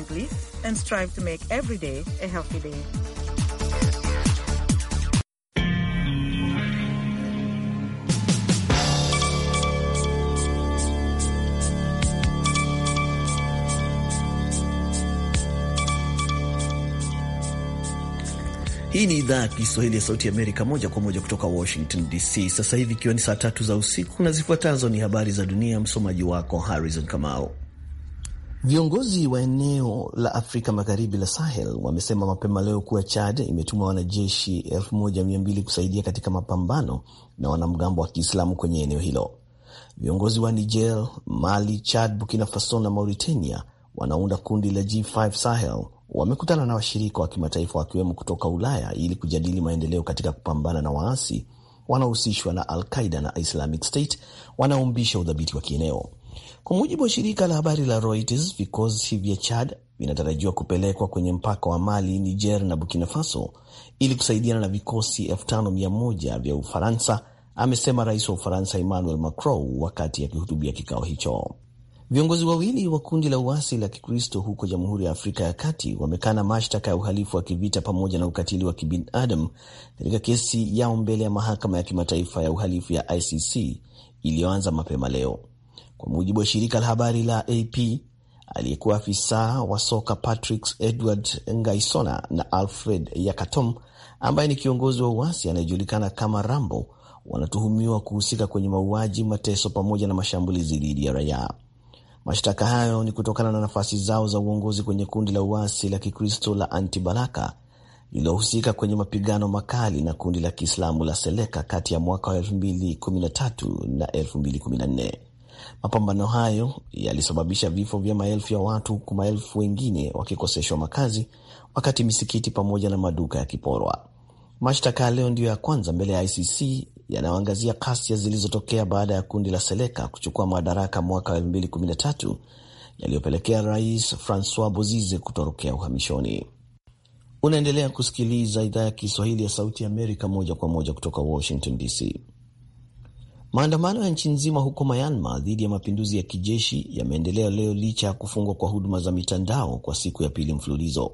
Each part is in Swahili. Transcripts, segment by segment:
differently and strive to make every day a healthy day. Hii ni idhaa ya Kiswahili ya Sauti Amerika, moja kwa moja kutoka Washington DC, sasa hivi ikiwa ni saa tatu za usiku, na zifuatazo ni habari za dunia. Msomaji wako Harrison Kamau. Viongozi wa eneo la Afrika Magharibi la Sahel wamesema mapema leo kuwa Chad imetuma wanajeshi 1200 kusaidia katika mapambano na wanamgambo wa Kiislamu kwenye eneo hilo. Viongozi wa Niger, Mali, Chad, Burkina Faso na Mauritania wanaunda kundi la G5 Sahel wamekutana na washirika wa kimataifa wakiwemo kutoka Ulaya ili kujadili maendeleo katika kupambana na waasi wanaohusishwa na Al Qaida na Islamic State wanaoumbisha udhabiti wa kieneo. Kwa mujibu wa shirika la habari la Reuters, vikosi vya Chad vinatarajiwa kupelekwa kwenye mpaka wa Mali, Niger na Burkina Faso ili kusaidiana na vikosi 5100 vya Ufaransa, amesema rais wa Ufaransa Emmanuel Macron wakati akihutubia kikao hicho. Viongozi wawili wa kundi la uasi la Kikristo huko Jamhuri ya Afrika ya Kati wamekana mashtaka ya uhalifu wa kivita pamoja na ukatili wa kibinadamu katika kesi yao mbele ya mahakama ya kimataifa ya uhalifu ya ICC iliyoanza mapema leo. Kwa mujibu wa shirika la habari la AP, aliyekuwa afisa wa soka Patrick Edward Ngaisona na Alfred Yakatom ambaye ni kiongozi wa uasi anayejulikana kama Rambo wanatuhumiwa kuhusika kwenye mauaji, mateso pamoja na mashambulizi dhidi ya raia. Mashtaka hayo ni kutokana na nafasi zao za uongozi kwenye kundi la uasi la Kikristo la Antibalaka lililohusika kwenye mapigano makali na kundi la Kiislamu la Seleka kati ya mwaka wa 2013 na 2014. Mapambano hayo yalisababisha vifo vya maelfu ya watu huku maelfu wengine wakikoseshwa makazi, wakati misikiti pamoja na maduka yakiporwa. Mashtaka ya leo ndiyo ya kwanza mbele ya ICC yanayoangazia ghasia zilizotokea baada ya kundi la Seleka kuchukua madaraka mwaka 2013 yaliyopelekea Rais Francois Bozize kutorokea uhamishoni. Unaendelea kusikiliza idhaa ya Kiswahili ya Sauti ya Amerika moja kwa moja kutoka Washington DC. Maandamano ya nchi nzima huko Myanmar dhidi ya mapinduzi ya kijeshi yameendelea leo licha ya kufungwa kwa huduma za mitandao kwa siku ya pili mfululizo.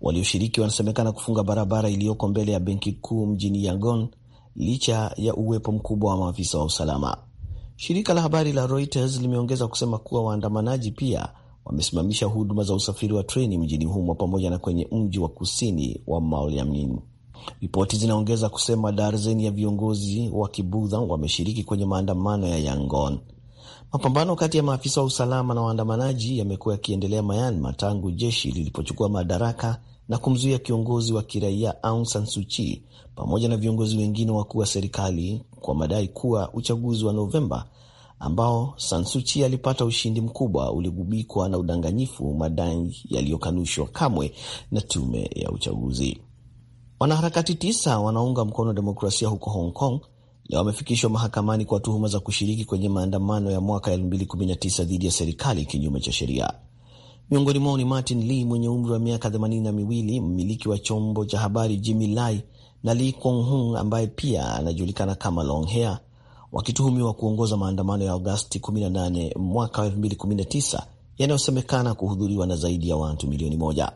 Walioshiriki wanasemekana kufunga barabara iliyoko mbele ya benki kuu mjini Yangon licha ya uwepo mkubwa wa maafisa wa usalama. Shirika la habari la Reuters limeongeza kusema kuwa waandamanaji pia wamesimamisha huduma za usafiri wa treni mjini humo pamoja na kwenye mji wa kusini wa Maoyamnin. Ripoti zinaongeza kusema darzeni ya viongozi wa kibudha wameshiriki kwenye maandamano ya Yangon. Mapambano kati ya maafisa wa usalama na waandamanaji yamekuwa yakiendelea Myanmar tangu jeshi lilipochukua madaraka na kumzuia kiongozi wa kiraia Aung San Suu Kyi pamoja na viongozi wengine wakuu wa serikali kwa madai kuwa uchaguzi wa Novemba ambao San Suu Kyi alipata ushindi mkubwa uligubikwa na udanganyifu, madai yaliyokanushwa kamwe na tume ya uchaguzi. Wanaharakati tisa wanaunga mkono demokrasia huko Hong Kong leo wamefikishwa mahakamani kwa tuhuma za kushiriki kwenye maandamano ya mwaka 2019 dhidi ya serikali kinyume cha sheria. Miongoni mwao ni Martin Lee mwenye umri wa miaka 8 miwili, mmiliki wa chombo cha habari Jimmy Lai na Lee Kong Hung ambaye pia anajulikana kama Long Hair, wakituhumiwa kuongoza maandamano ya Agosti 18 mwaka 2019 yanayosemekana kuhudhuriwa na zaidi ya watu milioni moja.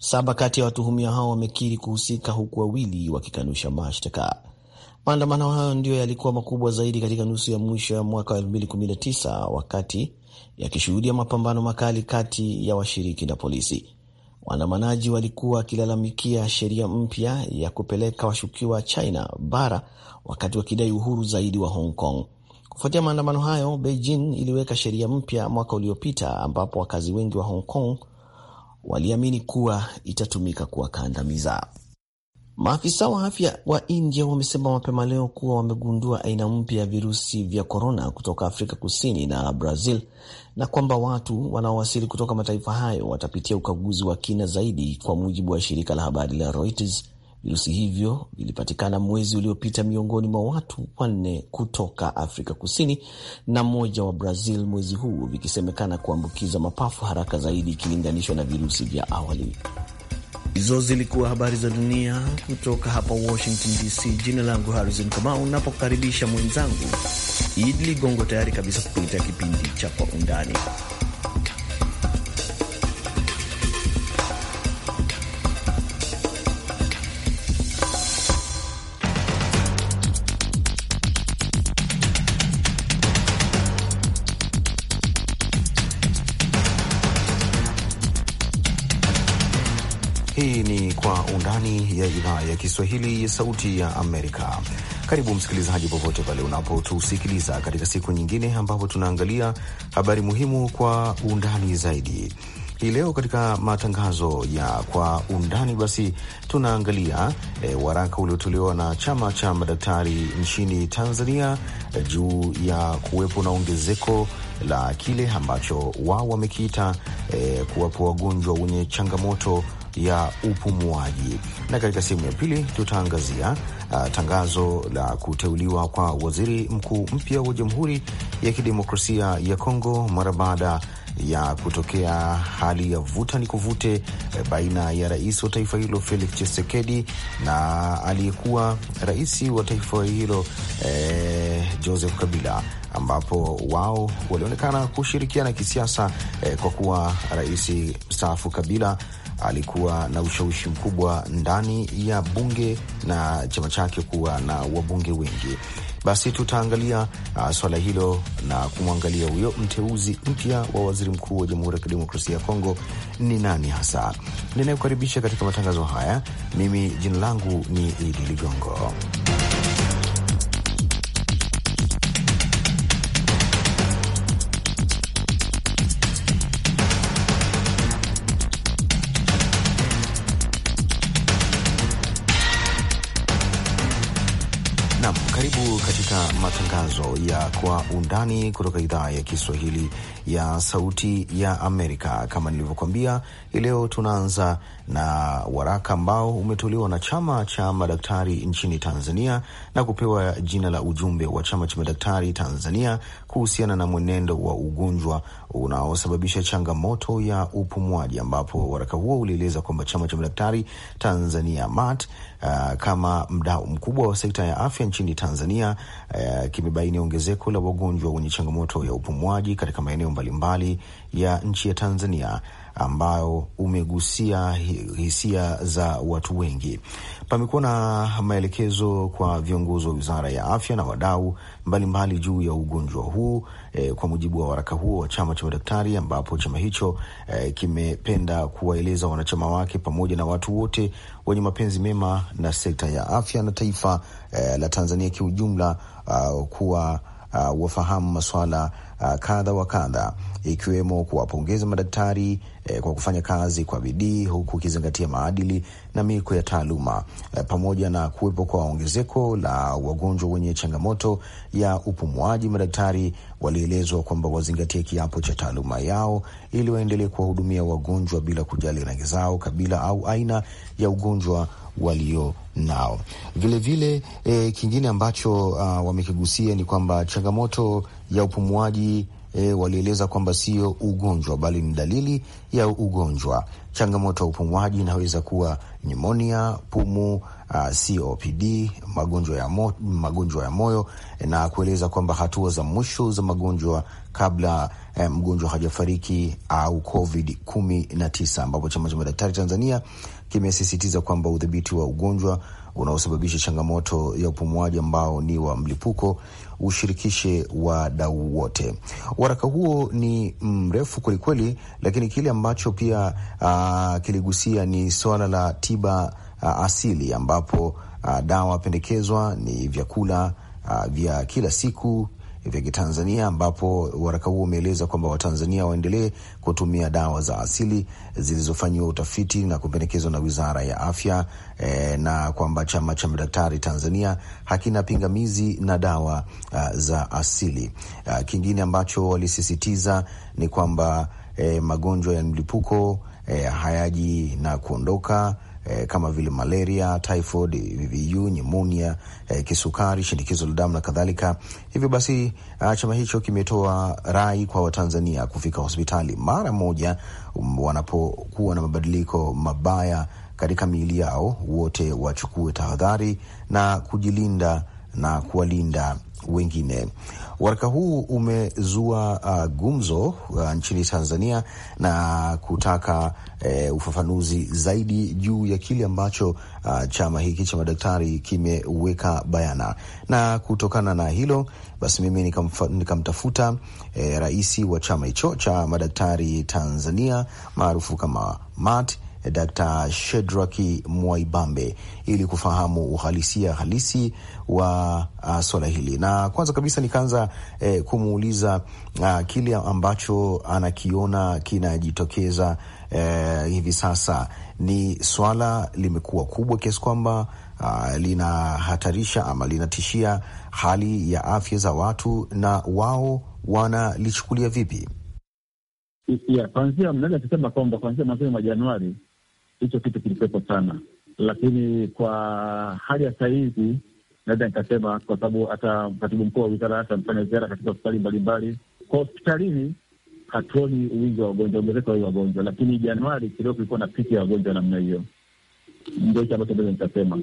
Saba kati ya watuhumiwa hao wamekiri kuhusika huku wawili wakikanusha mashtaka. Maandamano hayo ndiyo yalikuwa makubwa zaidi katika nusu ya mwisho ya mwaka wa 2019 wakati yakishuhudia mapambano makali kati ya washiriki na polisi. Waandamanaji walikuwa wakilalamikia sheria mpya ya kupeleka washukiwa China bara wakati wakidai uhuru zaidi wa Hong Kong. Kufuatia maandamano hayo, Beijing iliweka sheria mpya mwaka uliopita ambapo wakazi wengi wa Hong Kong waliamini kuwa itatumika kuwakandamiza. Maafisa wa afya wa India wamesema mapema leo kuwa wamegundua aina mpya ya virusi vya korona kutoka Afrika Kusini na Brazil na kwamba watu wanaowasili kutoka mataifa hayo watapitia ukaguzi wa kina zaidi, kwa mujibu wa shirika la habari la Reuters Virusi hivyo vilipatikana mwezi uliopita miongoni mwa watu wanne kutoka Afrika Kusini na mmoja wa Brazil mwezi huu, vikisemekana kuambukiza mapafu haraka zaidi ikilinganishwa na virusi vya awali. Hizo zilikuwa habari za dunia kutoka hapa Washington DC. Jina langu Harrison Kamau, napokaribisha mwenzangu Idli Gongo, tayari kabisa kukuletea kipindi cha Kwa Undani. Kiswahili ya Sauti ya Amerika. Karibu msikilizaji, popote pale unapotusikiliza katika siku nyingine ambapo tunaangalia habari muhimu kwa undani zaidi. Hii leo katika matangazo ya kwa undani basi tunaangalia e, waraka uliotolewa na chama cha madaktari nchini Tanzania e, juu ya kuwepo na ongezeko la kile ambacho wao wamekiita e, kuwapo wagonjwa wenye changamoto ya upumuaji, na katika sehemu ya pili tutaangazia uh, tangazo la kuteuliwa kwa waziri mkuu mpya wa Jamhuri ya Kidemokrasia ya Kongo mara baada ya kutokea hali ya vuta ni kuvute eh, baina ya rais wa taifa hilo Felix Tshisekedi na aliyekuwa rais wa taifa hilo eh, Joseph Kabila, ambapo wao walionekana kushirikiana kisiasa eh, kwa kuwa rais mstaafu Kabila alikuwa na ushawishi mkubwa ndani ya bunge na chama chake kuwa na wabunge wengi. Basi tutaangalia uh, swala hilo na kumwangalia huyo mteuzi mpya wa waziri mkuu wa Jamhuri ya Kidemokrasia ya Kongo ni nani hasa. Ninayokaribisha katika matangazo haya, mimi jina langu ni Idi Ligongo. katika matangazo ya kwa undani kutoka idhaa ya Kiswahili ya Sauti ya Amerika. Kama nilivyokuambia, hii leo tunaanza na waraka ambao umetolewa na chama cha madaktari nchini Tanzania na kupewa jina la ujumbe wa chama cha madaktari Tanzania kuhusiana na mwenendo wa ugonjwa unaosababisha changamoto ya upumuaji, ambapo waraka huo ulieleza kwamba chama cha madaktari Tanzania MAT uh, kama mdau mkubwa wa sekta ya afya nchini Tanzania uh, kimebaini ongezeko la wagonjwa wenye changamoto ya upumuaji katika maeneo mbalimbali ya nchi ya Tanzania ambao umegusia hisia za watu wengi. Pamekuwa na maelekezo kwa viongozi wa wizara ya afya na wadau mbalimbali juu ya ugonjwa huu e, kwa mujibu wa waraka huo wa chama cha madaktari, ambapo chama hicho e, kimependa kuwaeleza wanachama wake pamoja na watu wote wenye mapenzi mema na sekta ya afya na taifa e, la Tanzania kiujumla, uh, kuwa uh, wafahamu masuala uh, kadha wa kadha ikiwemo kuwapongeza madaktari eh, kwa kufanya kazi kwa bidii huku ukizingatia maadili na miko ya taaluma eh, pamoja na kuwepo kwa ongezeko la wagonjwa wenye changamoto ya upumuaji. Madaktari walielezwa kwamba wazingatie kiapo cha taaluma yao ili waendelee kuwahudumia wagonjwa bila kujali rangi zao, kabila au aina ya ugonjwa walio nao. Vilevile vile, eh, kingine ambacho uh, wamekigusia ni kwamba changamoto ya upumuaji e, walieleza kwamba sio ugonjwa bali ni dalili ya ugonjwa. Changamoto ya upumuaji inaweza kuwa nyumonia, pumu Uh, COPD, magonjwa ya, mo, magonjwa ya moyo na kueleza kwamba hatua za mwisho za magonjwa kabla eh, mgonjwa hajafariki au COVID 19, ambapo chama cha madaktari Tanzania kimesisitiza kwamba udhibiti wa ugonjwa unaosababisha changamoto ya upumuaji ambao ni wa mlipuko ushirikishe wadau wote. Waraka huo ni mrefu kwelikweli, lakini kile ambacho pia uh, kiligusia ni suala la tiba uh, asili ambapo uh, dawa pendekezwa ni vyakula uh, vya kila siku vya Kitanzania, ambapo waraka huo umeeleza kwamba Watanzania waendelee kutumia dawa za asili zilizofanyiwa utafiti na kupendekezwa na Wizara ya Afya e, na kwamba chama cha madaktari Tanzania hakina pingamizi na dawa uh, za asili. Uh, kingine ambacho walisisitiza ni kwamba eh, magonjwa ya mlipuko eh, hayaji na kuondoka eh, kama vile malaria, typhoid, VVU, nyumonia, eh, kisukari, shinikizo la damu na kadhalika. Hivyo basi, ah, chama hicho kimetoa rai kwa Watanzania kufika hospitali mara moja um, wanapokuwa na mabadiliko mabaya katika miili yao, wote wachukue tahadhari na kujilinda na kuwalinda wengine. Waraka huu umezua uh, gumzo uh, nchini Tanzania na kutaka uh, ufafanuzi zaidi juu ya kile ambacho uh, chama hiki cha madaktari kimeweka bayana, na kutokana na hilo basi mimi nikamtafuta nika uh, eh, rais wa chama hicho cha madaktari Tanzania maarufu kama MAT Eh, Dr. Shedraki Mwaibambe ili kufahamu uhalisia halisi wa uh, swala hili, na kwanza kabisa nikaanza eh, kumuuliza uh, kile ambacho anakiona kinajitokeza eh, hivi sasa ni swala limekuwa kubwa kiasi kwamba uh, linahatarisha ama linatishia hali ya afya za watu, na wao wanalichukulia vipi? Kwanzia mnaweza kusema kwamba kwanzia mwanzoni mwa Januari hicho kitu kilikuwepo sana, lakini kwa hali ya sahizi naweza nikasema, kwa sababu hata katibu mkuu wa wizara hata amefanya ziara katika hospitali mbalimbali. Kwa hospitalini hatuoni wingi wa wagonjwa, ongezeko la wagonjwa, lakini Januari kidogo kulikuwa na piki ya wagonjwa namna hiyo, ndio hicho ambacho naweza nikasema.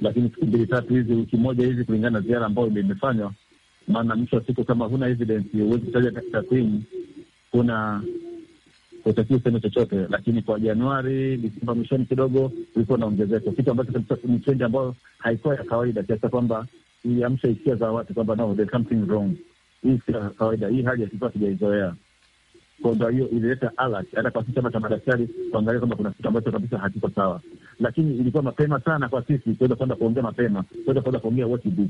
Lakini siku mbili tatu hizi, wiki moja hizi, kulingana na ziara ambayo imefanywa, maana mwisho wa siku kama huna evidence, huwezi kutaja takwimu, kuna utakiwa useme chochote, lakini kwa Januari, Desemba mwishoni kidogo ulikuwa na ongezeko, kitu ambacho ni trendi ambayo haikuwa ya kawaida, kiasi kwamba iliamsha hisia za watu kwamba no, there's something wrong, hii sio kawaida, hii hali hatukuwa tujaizoea. Ndo hiyo ilileta alert hata kwa sisi chama cha madaktari kuangalia kwamba kuna kitu ambacho kabisa hakiko sawa, lakini ilikuwa mapema sana kwa sisi kuweza kuenda kuongea mapema, kuweza kuenda kuongea what to do,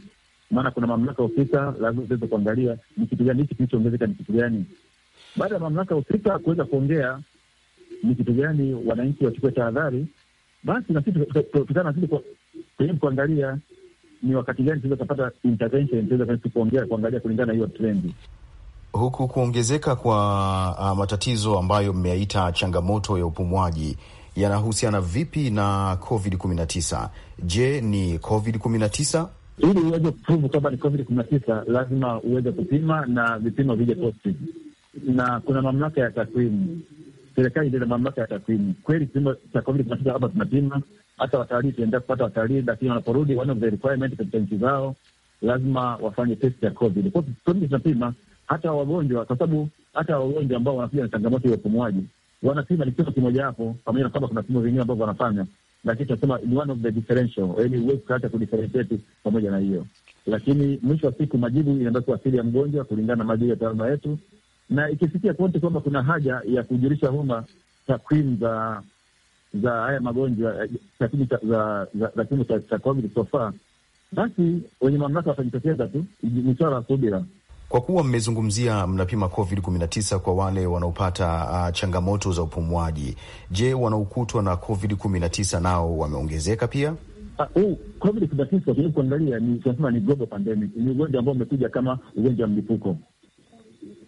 maana kuna mamlaka husika lazima ziweze kuangalia ni kitu gani hiki kilichoongezeka, ni kitu gani baada ya mamlaka husika kuweza kuongea ni kitu gani wananchi wachukue tahadhari, basi na sisi tukutana sisi kujaribu kuangalia ni wakati gani tunaweza kupata intervention, tunaweza kuongea kuangalia kulingana na hiyo trendi huku kuongezeka kwa uh, matatizo ambayo mmeyaita changamoto ya upumuaji yanahusiana vipi na Covid 19? Je, ni Covid 19? Ili uweze kufuvu kwamba ni Covid 19, lazima uweze kupima na vipimo vije positive na kuna mamlaka ya takwimu. Serikali ndio na mamlaka ya takwimu. Kweli kipimo cha COVID tunapita hapa, tunapima hata watalii, tunaendelea kupata watalii, lakini wanaporudi, one of the requirement katika nchi zao lazima wafanye test ya COVID. Kwa hiyo tunapima hata wagonjwa, kwa sababu hata wagonjwa ambao wanakuja na changamoto ya upumuaji wanapima, ni kipimo hapo, pamoja na kwamba kuna vipimo vingine ambavyo wanafanya, lakini tunasema ni one of the differential, yaani huwezi ukaacha kudifferentiate pamoja na hiyo. Lakini mwisho wa siku majibu inabaki kuwa asili ya mgonjwa kulingana na majibu ya taaluma yetu na ikifikia pointi kwamba kuna haja ya kujulisha umma takwimu za za haya magonjwa takwimu za cha COVID so far, basi wenye mamlaka watajitokeza tu, ni swala la subira. Kwa kuwa mmezungumzia mnapima COVID 19 kwa wale wanaopata uh, changamoto za upumuaji, je, wanaokutwa na COVID 19 nao wameongezeka pia? Uh, ah, COVID 19 kuangalia tunasema ni global pandemic, ni ugonjwa ambao umekuja kama ugonjwa wa mlipuko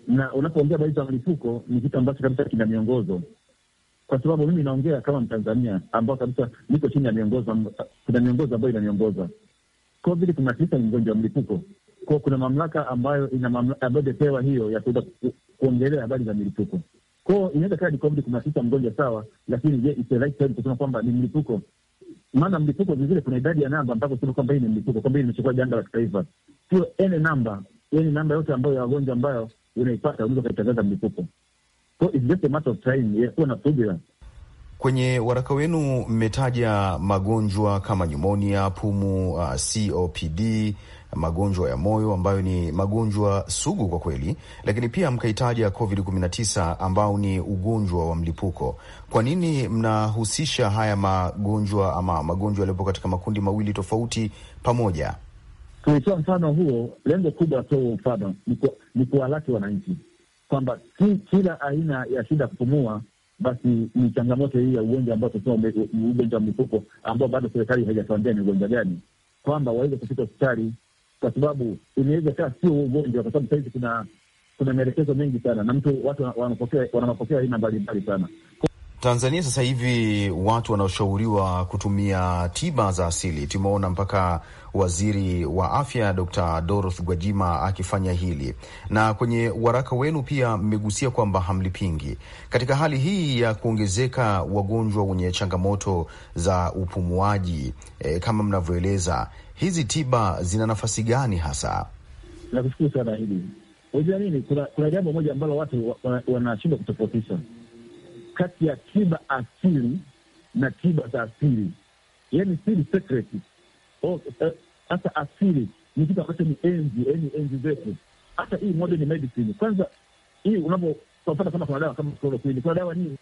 na unapoongea habari za mlipuko ni kitu ambacho kabisa kina miongozo, kwa sababu mimi naongea kama Mtanzania ambao kabisa niko chini ya miongozo, kuna miongozo ambayo inaniongoza. COVID kumi na tisa ni mgonjwa wa mlipuko kwa kuna mamlaka ambayo ina mamlaka ambayo imepewa hiyo ya kuweza kuongelea habari za milipuko. Kwa hiyo inaweza kaa ni COVID kumi na tisa mgonjwa sawa, lakini je, it's right time kusema kwamba ni mlipuko? Maana mlipuko vilevile kuna idadi ya namba ambapo kusema kwamba hii ni mlipuko, kwamba hii imechukua janga la kitaifa, sio any namba, yani namba yote ambayo ya wagonjwa ambayo unaipata, unaweza ukaitangaza mlipuko. So it's just a matter of time ya kuwa na subira. Kwenye waraka wenu mmetaja magonjwa kama nyumonia, pumu, uh, COPD, magonjwa ya moyo ambayo ni magonjwa sugu kwa kweli, lakini pia mkaitaja COVID-19 ambao ni ugonjwa wa mlipuko. Kwa nini mnahusisha haya magonjwa ama magonjwa yaliyopo katika makundi mawili tofauti pamoja? Kuitoa mfano huo, lengo kubwa tu mfano ni kuwalaki wananchi kwamba si kila aina ya shida ya kupumua basi ni changamoto hii ya ugonjwa ambao tunasema ugonjwa wa mlipuko ambao bado serikali haijatuambia ni ugonjwa gani, kwamba waweze kufika hospitali, kwa sababu inaweza kaa sio ugonjwa, kwa sababu sahizi kuna kuna maelekezo mengi sana na mtu watu wanapokea aina mbalimbali sana. Tanzania sasa hivi watu wanaoshauriwa kutumia tiba za asili, tumeona mpaka waziri wa afya Dr. Dorothy Gwajima akifanya hili, na kwenye waraka wenu pia mmegusia kwamba hamlipingi. Katika hali hii ya kuongezeka wagonjwa wenye changamoto za upumuaji, e, kama mnavyoeleza, hizi tiba zina nafasi gani hasa? Nakushukuru sana hili. Unajua nini, kuna, kuna jambo moja ambalo watu wanashindwa wa, wa kutofautisha kati ya tiba asili na tiba za asili, yani siri secret. Oh, eh, Hasa asili ni kitu ambacho ni enzi, yani enzi zetu. Hata hii modern medicine kwanza, hii unapo kwa kama kuna dawa kama chloroquine, kuna dawa nyingi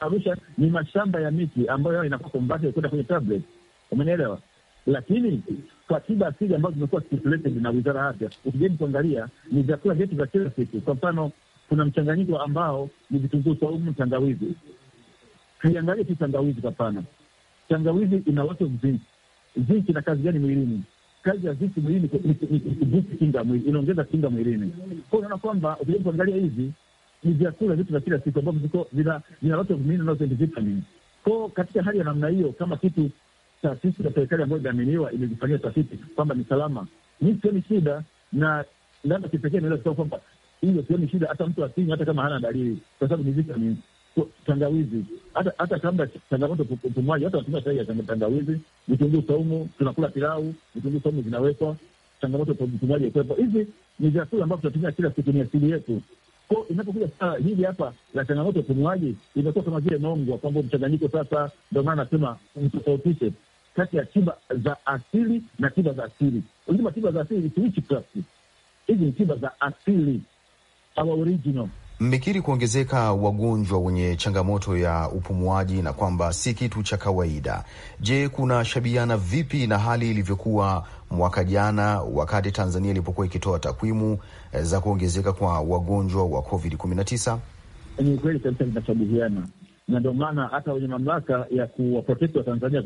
Arusha ni mashamba ya miti ambayo yao inakuwa kombate kwenda kwenye tablet, umenielewa? Lakini kwa tiba asili ambazo zimekuwa stipulated na wizara ya afya, ukijeni kuangalia ni vyakula vyetu vya kila siku. Kwa mfano kuna mchanganyiko ambao ni vitunguu saumu, tangawizi. Haiangalie tu tangawizi, hapana. Tangawizi ina watu zinc. Zinki ina kazi gani mwilini? Kazi ya zinki mwilini ni kinga mwili, inaongeza kinga mwilini. Kwa unaona kwamba ukija kuangalia hivi ni vyakula vitu vya kila siku ambavyo viko vina vina watu mwilini unaozendi vitamini kwao. Katika hali ya namna hiyo, kama kitu taasisi ya serikali ambayo imeaminiwa imejifanyia tafiti kwamba ni salama, mi sioni shida na labda kipekee naweza kusema kwamba hiyo ni shida, hata mtu asinywe hata kama hana dalili, kwa sababu ni vitamini tangawizi hata hata kabla changamoto upumuaji, hata watumia chai ya tangawizi, vitunguu saumu. Tunakula pilau, vitunguu saumu vinawekwa, changamoto upumuaji ikwepo. Hivi ni vyakula ambavyo tunatumia kila siku, ni asili yetu. Ko inapokuja sasa hili hapa la changamoto upumuaji, imekuwa kama vile nongwa kwamba mchanganyiko sasa. Ndio maana nasema mtofautishe kati ya tiba za asili na tiba za asili. Unajua tiba za asili ni hizi ni tiba za asili our original. Mmekiri kuongezeka wagonjwa wenye changamoto ya upumuaji na kwamba si kitu cha kawaida. Je, kuna shabiana vipi na hali ilivyokuwa mwaka jana wakati Tanzania ilipokuwa ikitoa takwimu eh, za kuongezeka kwa wagonjwa wa COVID 19? Ni kweli kabisa linashabihiana na ndio maana hata wenye mamlaka ya kuwaprotekti wa Tanzania,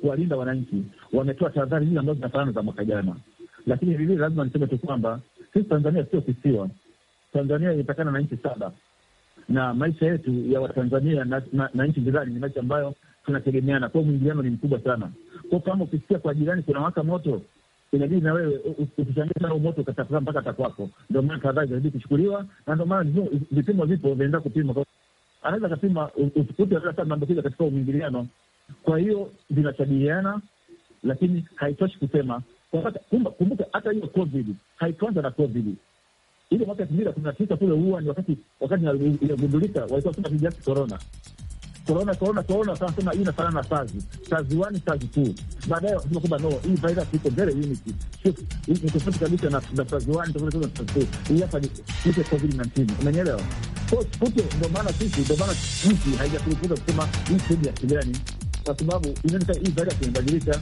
kuwalinda wananchi, wametoa tahadhari hizi ambazo zinafanana za mwaka jana. Lakini vilevile lazima niseme tu kwamba sisi Tanzania sio kisiwa Tanzania imepakana na nchi saba na maisha yetu ya Watanzania na, na, na nchi jirani ni maisha ambayo tunategemeana kwao, mwingiliano ni mkubwa sana kwao. Kama ukisikia kwa jirani kuna waka moto, inabidi na wewe ukichangia sana moto ukatafuta mpaka takwako. Ndio maana kadhaa zinabidi kuchukuliwa, na ndio maana vipimo vipo vinaenda kupima, anaweza kapima usikute hata maambukiza katika umwingiliano. Kwa hiyo vinashabihiana, lakini haitoshi kusema. Kumbuka hata hiyo COVID haikuanza na COVID ile mwaka elfu mbili na kumi na tisa kule huwa ni wakati wakati inagundulika walikuwa sema kiasi korona korona korona korona, sasa hii inafanana na sazi sazi wani sazi tu. Baadaye wakasema kwamba no, hii virus iko mbele unity, ni tofauti kabisa na sazi wani tofauti na sazi tu. Hii hapa ni ile covid 19, unanielewa? Kwa hiyo ndio maana sisi, ndio maana nchi haijakurupuka kusema hii sehemu ya kijani, kwa sababu inaonekana hii virus imebadilika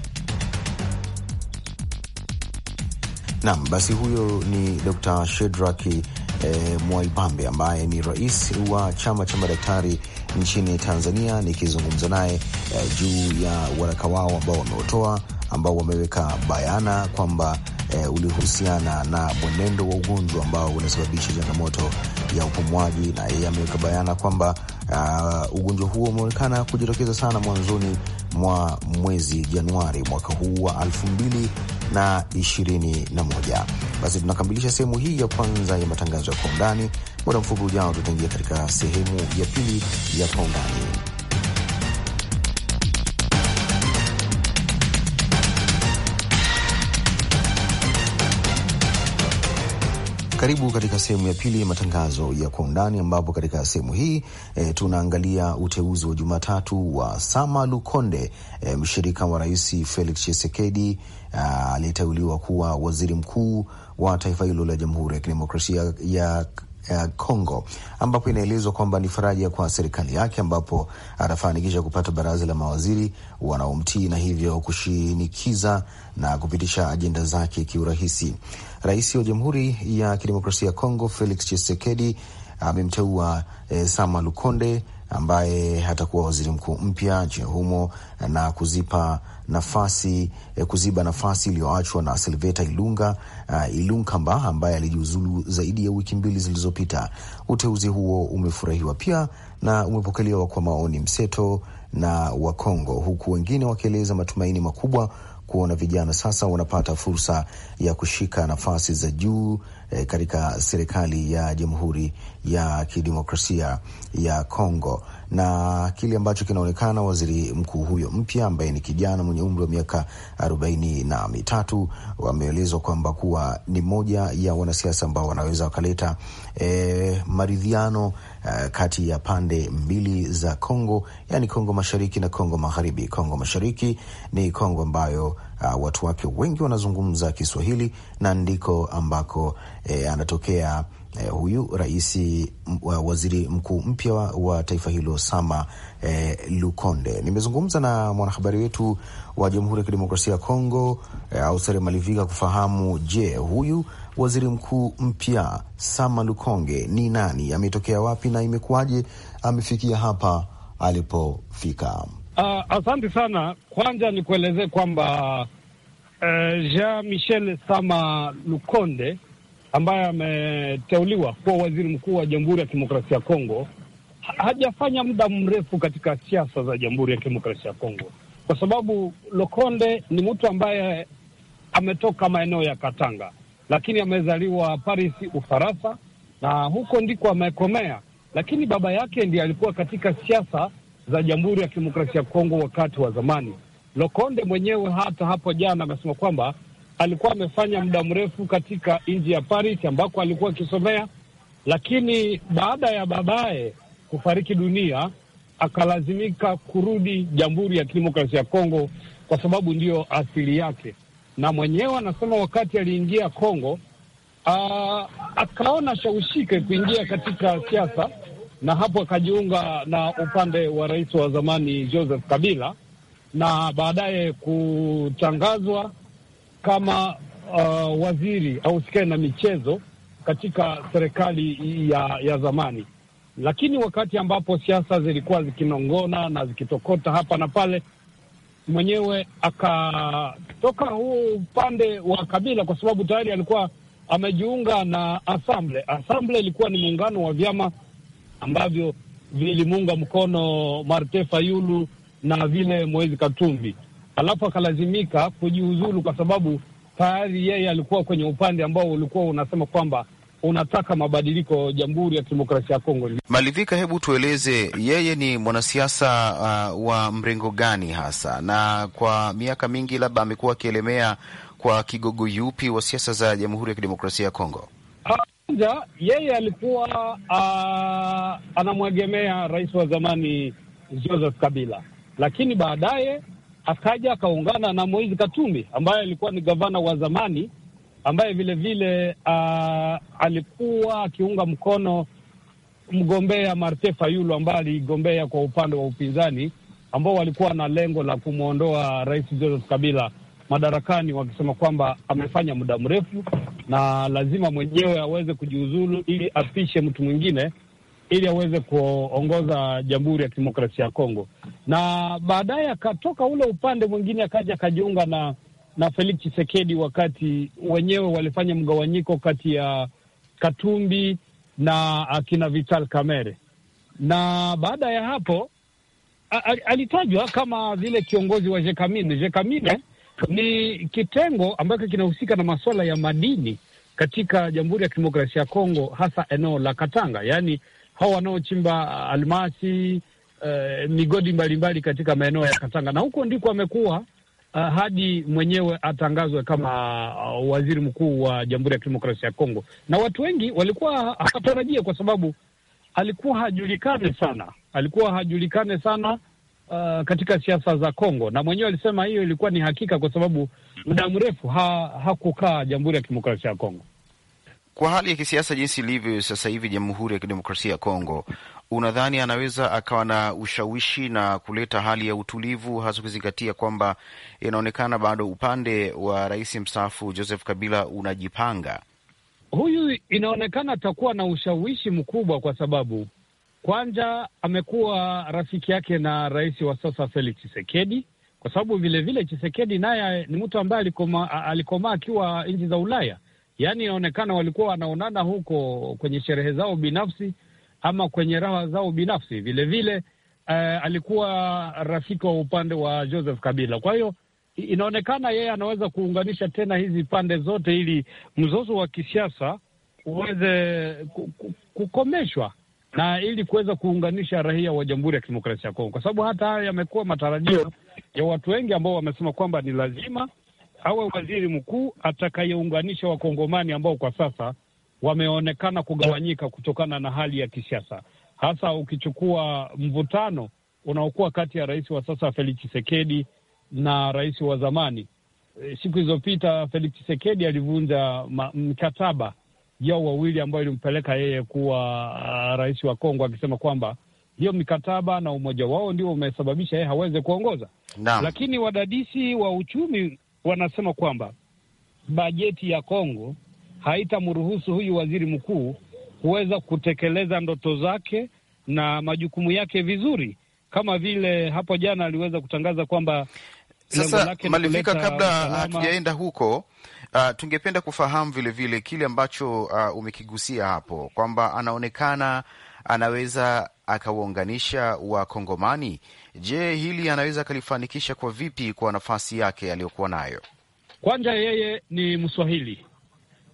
Naam, basi huyo ni Dr. Shedraki E, eh, Mwaipambe ambaye ni rais wa chama cha madaktari nchini Tanzania, nikizungumza naye e, juu ya waraka wao ambao wameotoa ambao wameweka bayana kwamba e, ulihusiana na mwenendo wa ugonjwa ambao unasababisha changamoto ya upumuaji, na yeye ameweka bayana kwamba uh, ugonjwa huo umeonekana kujitokeza sana mwanzoni mwa mwezi Januari mwaka huu wa elfu mbili na 21. Basi tunakamilisha sehemu hii ya kwanza ya matangazo ya kwa undani. Muda mfupi ujao, tutaingia katika sehemu ya pili ya kwa undani. Karibu katika sehemu ya pili ya matangazo ya kwa undani, ambapo katika sehemu hii e, tunaangalia uteuzi wa Jumatatu wa Sama Lukonde e, mshirika wa Rais Felix Tshisekedi ah, aliyeteuliwa kuwa waziri mkuu wa taifa hilo la Jamhuri ya Kidemokrasia ya Eh, congo ambapo inaelezwa kwamba ni faraja kwa serikali yake, ambapo atafanikisha kupata baraza la mawaziri wanaomtii na hivyo kushinikiza na kupitisha ajenda zake kiurahisi. Rais wa Jamhuri ya Kidemokrasia ya congo Felix Tshisekedi amemteua uh, Sama Lukonde ambaye atakuwa waziri mkuu mpya nchini humo na kuzipa nafasi eh, kuziba nafasi iliyoachwa na Silveta Ilunga uh, Ilunkamba ambaye alijiuzulu zaidi ya wiki mbili zilizopita. Uteuzi huo umefurahiwa pia na umepokelewa kwa maoni mseto na Wakongo, huku wengine wakieleza matumaini makubwa kuona vijana sasa wanapata fursa ya kushika nafasi za juu eh, katika serikali ya Jamhuri ya Kidemokrasia ya Kongo na kile ambacho kinaonekana waziri mkuu huyo mpya ambaye ni kijana mwenye umri wa miaka arobaini na mitatu wameelezwa kwamba kuwa ni moja ya wanasiasa ambao wanaweza wakaleta eh, maridhiano eh, kati ya pande mbili za Kongo, yani Kongo Mashariki na Kongo Magharibi. Kongo Mashariki ni Kongo ambayo uh, watu wake wengi wanazungumza Kiswahili na ndiko ambako eh, anatokea eh, huyu rais wa waziri mkuu mpya wa, wa taifa hilo Sama eh, Lukonde. Nimezungumza na mwanahabari wetu wa Jamhuri ya Kidemokrasia ya Kongo eh, Ausere Malivika kufahamu je, huyu waziri mkuu mpya Sama Lukonge ni nani, ametokea wapi na imekuwaje amefikia hapa alipofika? Uh, asante sana. Kwanza nikuelezee kwamba uh, eh, Jean Michel Sama Lukonde ambaye ameteuliwa kuwa waziri mkuu wa Jamhuri ya Kidemokrasia ya Kongo hajafanya muda mrefu katika siasa za Jamhuri ya Kidemokrasia ya Kongo, kwa sababu Lokonde ni mtu ambaye ametoka maeneo ya Katanga, lakini amezaliwa Paris, Ufaransa, na huko ndiko amekomea, lakini baba yake ndiye alikuwa katika siasa za Jamhuri ya Kidemokrasia ya Kongo wakati wa zamani. Lokonde mwenyewe hata hapo jana amesema kwamba alikuwa amefanya muda mrefu katika nchi ya Paris ambako alikuwa akisomea, lakini baada ya babaye kufariki dunia akalazimika kurudi Jamhuri ya Kidemokrasia ya Kongo kwa sababu ndiyo asili yake. Na mwenyewe anasema wakati aliingia Kongo, akaona shawishike kuingia katika siasa na hapo akajiunga na upande wa rais wa zamani Joseph Kabila na baadaye kutangazwa kama uh, waziri ahusikae na michezo katika serikali ya, ya zamani. Lakini wakati ambapo siasa zilikuwa zikinongona na zikitokota hapa na pale, mwenyewe akatoka huu upande wa Kabila kwa sababu tayari alikuwa amejiunga na Asamble. Asamble ilikuwa ni muungano wa vyama ambavyo vilimuunga mkono marte Fayulu na vile Moezi Katumbi, alafu akalazimika kujiuzulu kwa sababu tayari yeye alikuwa kwenye upande ambao ulikuwa unasema kwamba unataka mabadiliko Jamhuri ya Kidemokrasia ya Kongo. Malivika, hebu tueleze yeye ni mwanasiasa uh, wa mrengo gani hasa, na kwa miaka mingi labda amekuwa akielemea kwa kigogo yupi wa siasa za Jamhuri ya Kidemokrasia ya Kongo? Ah, kwanza yeye alikuwa uh, anamwegemea rais wa zamani Joseph Kabila, lakini baadaye akaja akaungana na Moizi Katumbi ambaye alikuwa ni gavana wa zamani ambaye vilevile uh, ah, alikuwa akiunga mkono mgombea Martin Fayulu ambaye aligombea kwa upande wa upinzani ambao walikuwa na lengo la kumwondoa rais Joseph Kabila madarakani, wakisema kwamba amefanya muda mrefu na lazima mwenyewe aweze kujiuzulu ili apishe mtu mwingine ili aweze kuongoza Jamhuri ya Kidemokrasia ya Kongo, na baadaye akatoka ule upande mwingine akaja akajiunga na na Felix Chisekedi, wakati wenyewe walifanya mgawanyiko kati ya Katumbi na akina Vital Kamerhe, na baada ya hapo alitajwa kama vile kiongozi wa Jekamine Jekamine ni kitengo ambacho kinahusika na masuala ya madini katika Jamhuri ya Kidemokrasia ya Kongo, hasa eneo la Katanga, yaani hao wanaochimba almasi uh, migodi mbalimbali katika maeneo ya Katanga, na huko ndiko amekuwa uh, hadi mwenyewe atangazwe kama uh, waziri mkuu wa Jamhuri ya Kidemokrasia ya Kongo, na watu wengi walikuwa hawatarajia, kwa sababu alikuwa hajulikane sana, alikuwa hajulikane sana uh, katika siasa za Kongo, na mwenyewe alisema hiyo ilikuwa ni hakika kwa sababu muda mrefu ha, hakukaa Jamhuri ya Kidemokrasia ya Kongo. Kwa hali ya kisiasa jinsi ilivyo sasa hivi Jamhuri ya Kidemokrasia ya Kongo, unadhani anaweza akawa na ushawishi na kuleta hali ya utulivu, hasa ukizingatia kwamba inaonekana bado upande wa rais mstaafu Joseph Kabila unajipanga? Huyu inaonekana atakuwa na ushawishi mkubwa kwa sababu kwanza amekuwa rafiki yake na rais wa sasa Felix chisekedi kwa sababu vilevile chisekedi naye ni mtu ambaye alikomaa alikoma akiwa nchi za Ulaya. Yaani inaonekana walikuwa wanaonana huko kwenye sherehe zao binafsi ama kwenye raha zao binafsi. Vilevile uh, e, alikuwa rafiki wa upande wa Joseph Kabila. Kwa hiyo inaonekana yeye anaweza kuunganisha tena hizi pande zote ili mzozo wa kisiasa uweze kukomeshwa na ili kuweza kuunganisha raia wa Jamhuri ya Kidemokrasia ya Kongo, kwa sababu hata haya yamekuwa matarajio ya watu wengi ambao wamesema kwamba ni lazima awe waziri mkuu atakayeunganisha wakongomani ambao kwa sasa wameonekana kugawanyika kutokana na hali ya kisiasa, hasa ukichukua mvutano unaokuwa kati ya rais wa sasa Felix Tshisekedi na rais wa zamani. Siku zilizopita Felix Tshisekedi alivunja mkataba yao wawili ambayo ilimpeleka yeye kuwa uh, rais wa Kongo, akisema kwamba hiyo mikataba na umoja wao ndio umesababisha yeye haweze kuongoza. na. Lakini wadadisi wa uchumi wanasema kwamba bajeti ya Kongo haitamruhusu huyu waziri mkuu kuweza kutekeleza ndoto zake na majukumu yake vizuri, kama vile hapo jana aliweza kutangaza kwamba sasa Malivika, kabla hatujaenda huko Uh, tungependa kufahamu vilevile vile kile ambacho uh, umekigusia hapo kwamba anaonekana anaweza akauunganisha Wakongomani. Je, hili anaweza akalifanikisha kwa vipi kwa nafasi yake aliyokuwa nayo? Kwanza yeye ni Mswahili,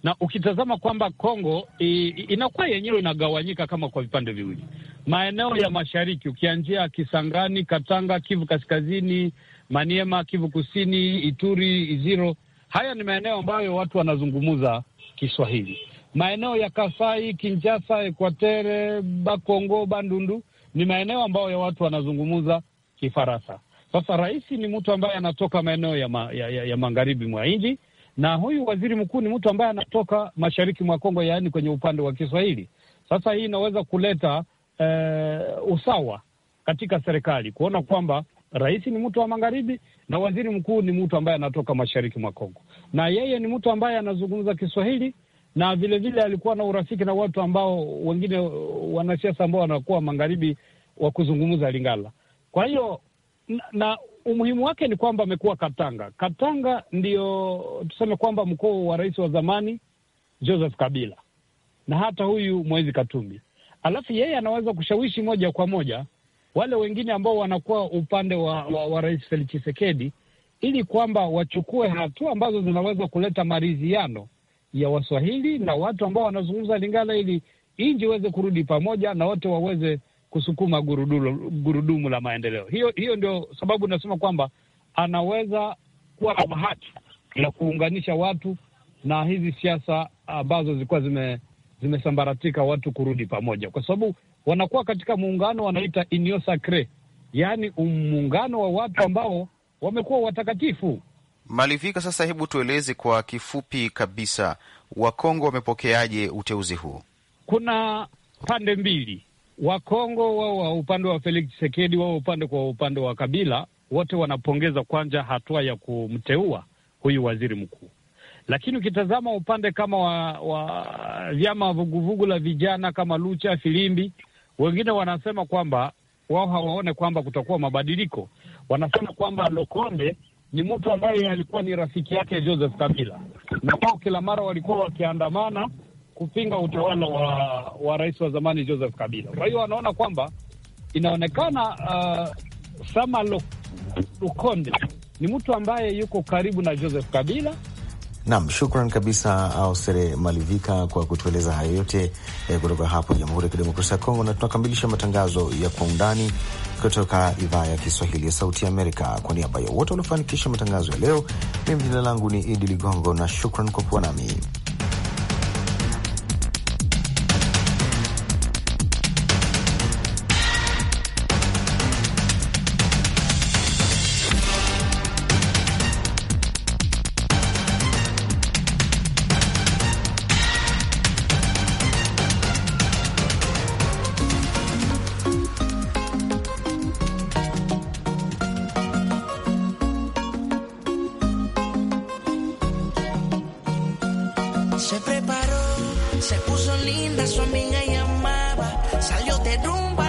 na ukitazama kwamba Kongo inakuwa yenyewe inagawanyika kama kwa vipande viwili, maeneo ya mashariki ukianzia Kisangani, Katanga, Kivu Kaskazini Maniema, Kivu Kusini, Ituri, Iziro. Haya ni maeneo ambayo watu wanazungumza Kiswahili. Maeneo ya Kasai, Kinshasa, Ekwatere, Bakongo, Bandundu ni maeneo ambayo ya watu wanazungumza Kifaransa. Sasa rais ni mtu ambaye anatoka maeneo ya, ma, ya, ya, ya magharibi mwa nchi, na huyu waziri mkuu ni mtu ambaye anatoka mashariki mwa Kongo, yaani kwenye upande wa Kiswahili. Sasa hii inaweza kuleta eh, usawa katika serikali kuona kwamba Rais ni mtu wa magharibi na waziri mkuu ni mtu ambaye anatoka mashariki mwa Kongo, na yeye ni mtu ambaye anazungumza Kiswahili na vilevile vile alikuwa na urafiki na watu ambao wengine wanasiasa ambao wanakuwa magharibi wa kuzungumza Lingala. Kwa hiyo na, na umuhimu wake ni kwamba amekuwa Katanga. Katanga ndiyo tuseme kwamba mkoo wa rais wa zamani Joseph Kabila na hata huyu Moise Katumbi, alafu yeye anaweza kushawishi moja kwa moja wale wengine ambao wanakuwa upande wa, wa, wa Rais Felix Tshisekedi ili kwamba wachukue hatua ambazo zinaweza kuleta maridhiano ya Waswahili na watu ambao wanazungumza Lingala ili nchi iweze kurudi pamoja na wote waweze kusukuma gurudumu, gurudumu la maendeleo. Hiyo hiyo ndio sababu nasema kwamba anaweza kuwa na bahati ya kuunganisha watu na hizi siasa ambazo zilikuwa zime zimesambaratika watu kurudi pamoja, kwa sababu wanakuwa katika muungano wanaita Union Sacre, yaani muungano wa watu ambao wamekuwa watakatifu. Malivika, sasa hebu tueleze kwa kifupi kabisa, Wakongo wamepokeaje uteuzi huu? Kuna pande mbili, Wakongo wao wa upande wa Felix chisekedi wao upande kwa upande wa Kabila, wote wanapongeza kwanza hatua ya kumteua huyu waziri mkuu, lakini ukitazama upande kama wa, wa vyama vuguvugu la vijana kama Lucha Filimbi wengine wanasema kwamba wao hawaone kwamba kutakuwa mabadiliko. Wanasema kwamba Lokonde ni mtu ambaye alikuwa ni rafiki yake Joseph Kabila, na wao kila mara walikuwa wakiandamana kupinga utawala wa, wa rais wa zamani Joseph Kabila. Kwa hiyo wanaona kwamba inaonekana uh, Sama lokonde ni mtu ambaye yuko karibu na Joseph Kabila Nam, shukran kabisa aosere Malivika kwa kutueleza hayo yote eh, kutoka hapo Jamhuri ya Kidemokrasia ya Kongo. Na tunakamilisha matangazo ya Kwa Undani kutoka idhaa ya Kiswahili ya Sauti ya Amerika. Kwa niaba ya wote waliofanikisha matangazo ya leo, mimi jina langu ni Idi Ligongo na shukran kwa kuwa nami. Se preparó, se puso linda, su amiga llamaba, salió de rumba